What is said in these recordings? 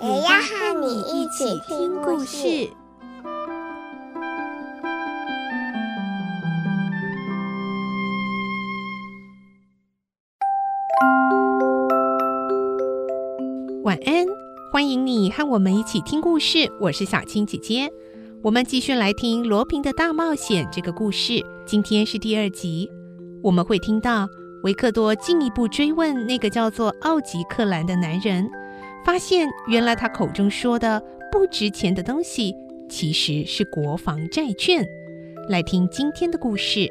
我要，要和你一起聽故事。晚安，歡迎你和我們一起聽故事。我是小青姐姐，我們繼續來聽羅蘋的大冒險這個故事。今天是第二集，我們會聽到維克多進一步追問那個叫做奧吉克蘭的男人，發現，原來他口中說的不值錢的東西，其實是國防債券。來聽今天的故事，《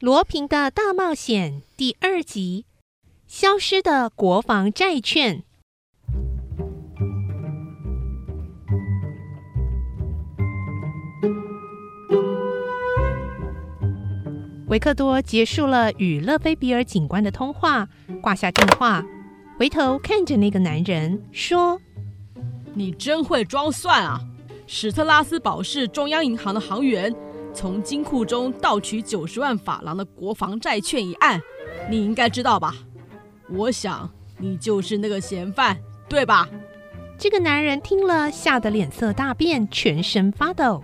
羅蘋的大冒險》第二集：消失的國防債券。維克多結束了與勒菲比爾警官的通話，掛下電話，回頭看着那個男人說：“你真會裝蒜啊！史特拉斯堡市中央銀行的行員從金庫中盜取九十萬法郎的國防債券一案，你應該知道吧？我想你就是那個嫌犯，對吧？”這個男人聽了，嚇得臉色大變，全身發抖。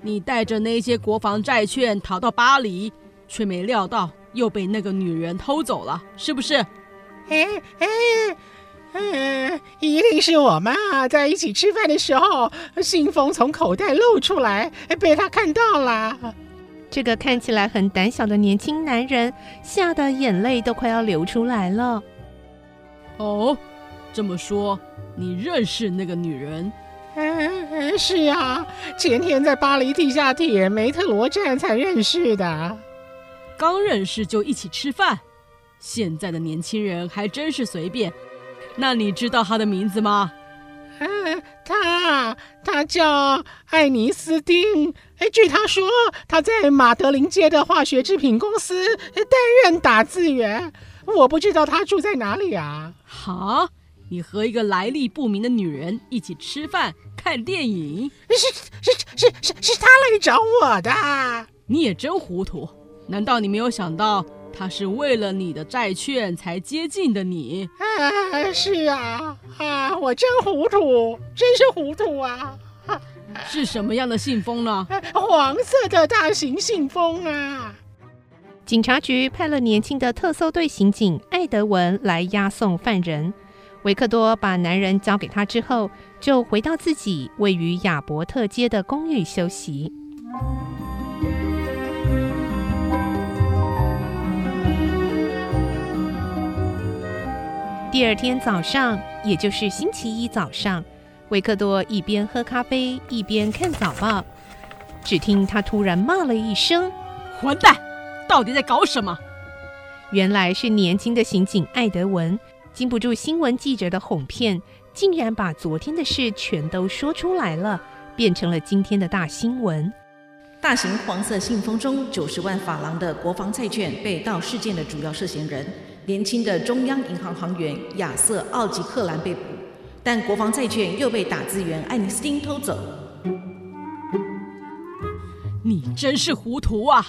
你帶着那些國防債券逃到巴黎，卻沒料到又被那個女人偷走了，是不是？哎哎哎，一定是我嘛！在一起吃飯的時候，信封從口袋露出來，被她看到了。這個看起來很膽小的年輕男人嚇得眼淚都快要流出來了。哦，這麼說你認識那個女人？欸哎、是啊，前天在巴黎地下鐵梅特羅站才認識的，剛認識就一起吃飯，現在的年輕人還真是隨便。那你知道他的名字嗎？嗯、哎，他他叫艾尼斯丁。誒、哎，據他說，他在馬德林街的化學制品公司擔任打字員。我不知道他住在哪裡啊。好。你和一個來歷不明的女人一起吃飯、看電影，是是是是是她來找我的。你也真糊塗，難道你沒有想到她是為了你的債券才接近的你？啊，是啊，啊，我真糊塗，真是糊塗啊！是什麼樣的信封呢？啊，黃色的大型信封啊！警察局派了年輕的特搜隊刑警艾德文來押送犯人。維克多把男人交給他之後，就回到自己位於亞伯特街的公寓休息。第二天早上，也就是星期一早上，維克多一邊喝咖啡一邊看早報，只聽他突然罵了一聲：“混蛋，到底在搞什麼？”原來是年輕的刑警艾德文。經不住新聞記者的哄騙，竟然把昨天的事全都說出來了，變成了今天的大新聞。大型黃色信封中九十萬法郎的國防債券被盜事件的主要涉嫌人，年輕的中央銀行行員亞瑟·奧吉克蘭被捕，但國防債券又被打字員愛尼斯汀偷走。你真是糊塗啊！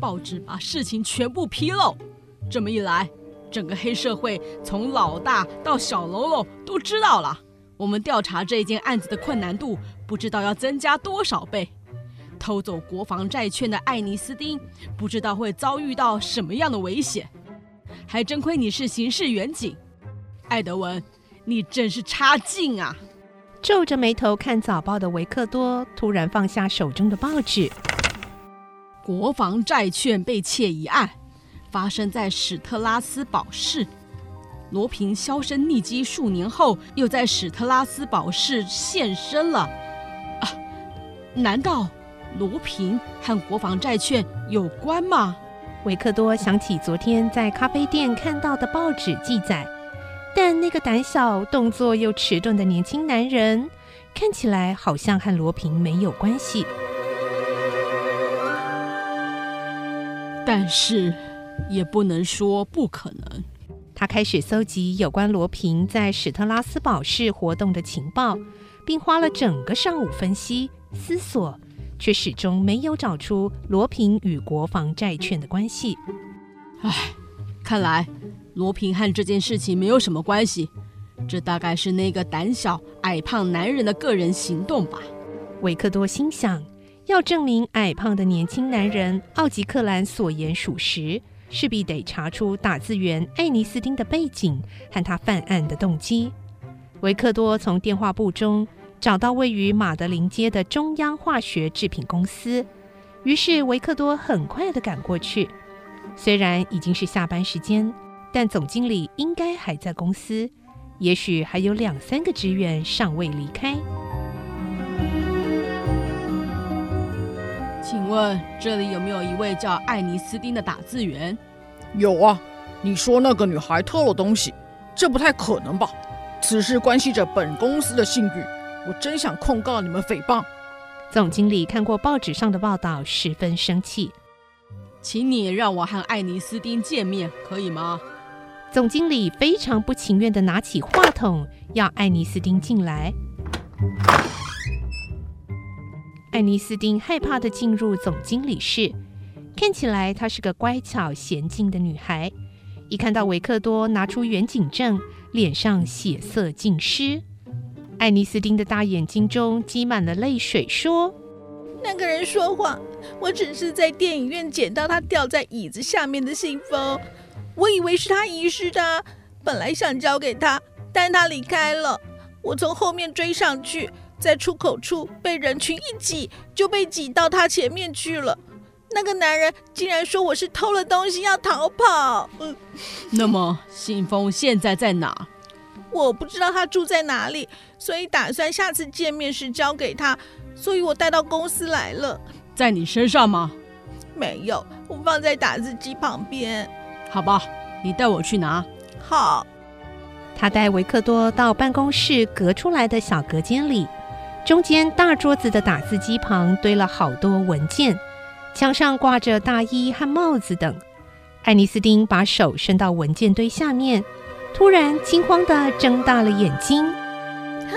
報紙把事情全部披露，這麼一來。整個黑社會從老大到小嘍囉都知道了，我們調查這一件案子的困難度不知道要增加多少倍。偷走國防債券的艾尼斯丁不知道會遭遇到什麼樣的危險。還真虧你是刑事員警，艾德文，你真是差勁啊！皺着眉頭看早報的維克多突然放下手中的報紙。國防債券被竊一案，發生在史特拉斯堡市，羅蘋銷聲匿跡數年後，又在史特拉斯堡市現身了。啊，難道羅蘋和國防債券有關嗎？維克多想起昨天在咖啡店看到的報紙記載，但那個膽小、動作又遲鈍的年輕男人，看起來好像和羅蘋沒有關係。但是。也不能說不可能。他開始蒐集有關羅平在史特拉斯堡市活動的情報，並花了整個上午分析思索，卻始終沒有找出羅平與國防債券的關係。唉，看來羅平和這件事情沒有什麼關係，這大概是那個膽小矮胖男人的個人行動吧。維克多心想，要證明矮胖的年輕男人奧吉克蘭所言屬實，勢必得查出打字員艾尼斯丁的背景和他犯案的動機。維克多從電話簿中找到位於馬德林街的中央化學製品公司，於是維克多很快地趕過去。雖然已經是下班時間，但總經理應該還在公司，也許還有兩三個職員尚未離開。請問這裡有沒有一位叫艾尼斯丁的打字員？有啊。你說那個女孩偷了東西，這不太可能吧？此事關係着本公司的信譽，我真想控告你們誹謗。總經理看過報紙上的報道，十分生氣。請你讓我和艾尼斯丁見面，可以嗎？總經理非常不情願地拿起話筒，要艾尼斯丁進來。愛尼斯丁害怕地進入總經理室，看起來她是個乖巧嫻靜的女孩。一看到維克多拿出遠景證，臉上血色盡失。愛尼斯丁的大眼睛中積滿了淚水，說：“那個人說謊，我只是在電影院撿到他掉在椅子下面的信封，我以為是他遺失的，本來想交給他，但他離開了，我從後面追上去。”在出口處被人群一擠，就被擠到他前面去了。那個男人竟然說我是偷了東西要逃跑。嗯，那麼信封現在在哪？我不知道他住在哪裡，所以打算下次見面時交給他，所以我帶到公司來了。在你身上嗎？沒有，我放在打字機旁邊。好吧，你帶我去拿。好。他帶維克多到辦公室隔出來的小隔間裡。中間大桌子的打字機旁堆了好多文件，牆上掛着大衣和帽子等。愛妮斯丁把手伸到文件堆下面，突然驚慌地睜大了眼睛：“啊，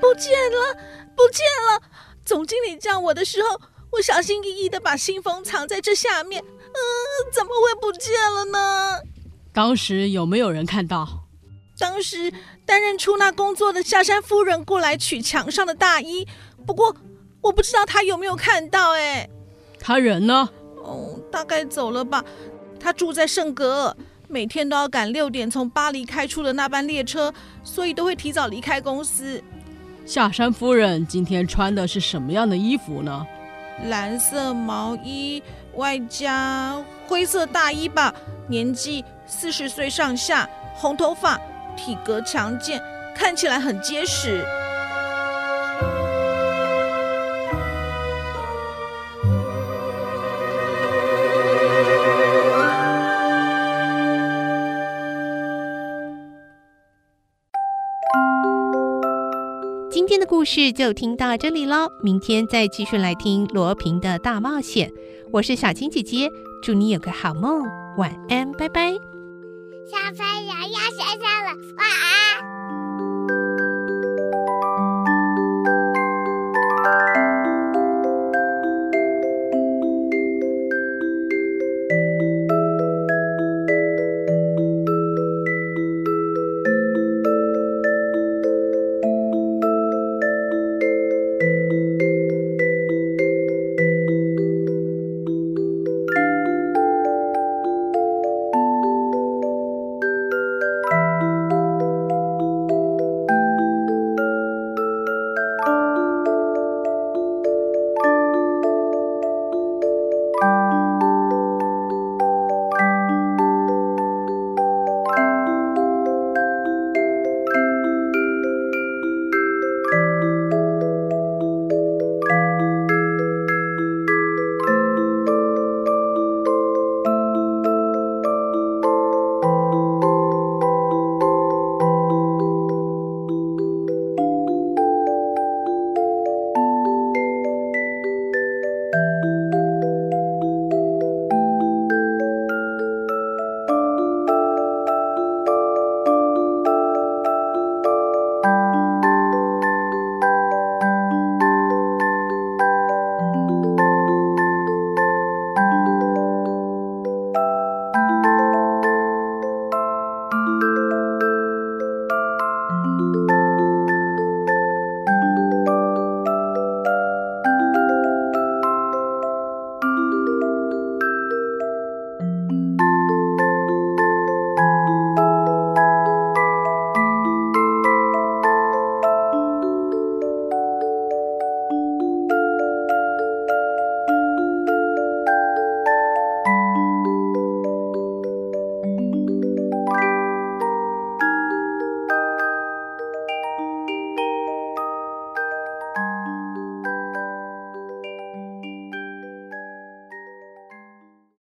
不見了，不見了！總經理叫我的時候，我小心翼翼地把信封藏在這下面。嗯、呃，怎麼會不見了呢？當時有沒有人看到？”當時擔任出納工作的夏山夫人過來取牆上的大衣，不過我不知道她有沒有看到、欸。哎，她人呢？哦，大概走了吧。她住在聖格，每天都要趕六點從巴黎開出的那班列車，所以都會提早離開公司。夏山夫人今天穿的是什麼樣的衣服呢？藍色毛衣外加灰色大衣吧，年紀四十歲上下，紅頭髮。體格強健，看起來很結實。今天的故事就聽到這裡嘍，明天再繼續來聽羅蘋的大冒險。我是小青姐姐，祝你有個好夢，晚安，拜拜。小朋友要睡覺了，晚安。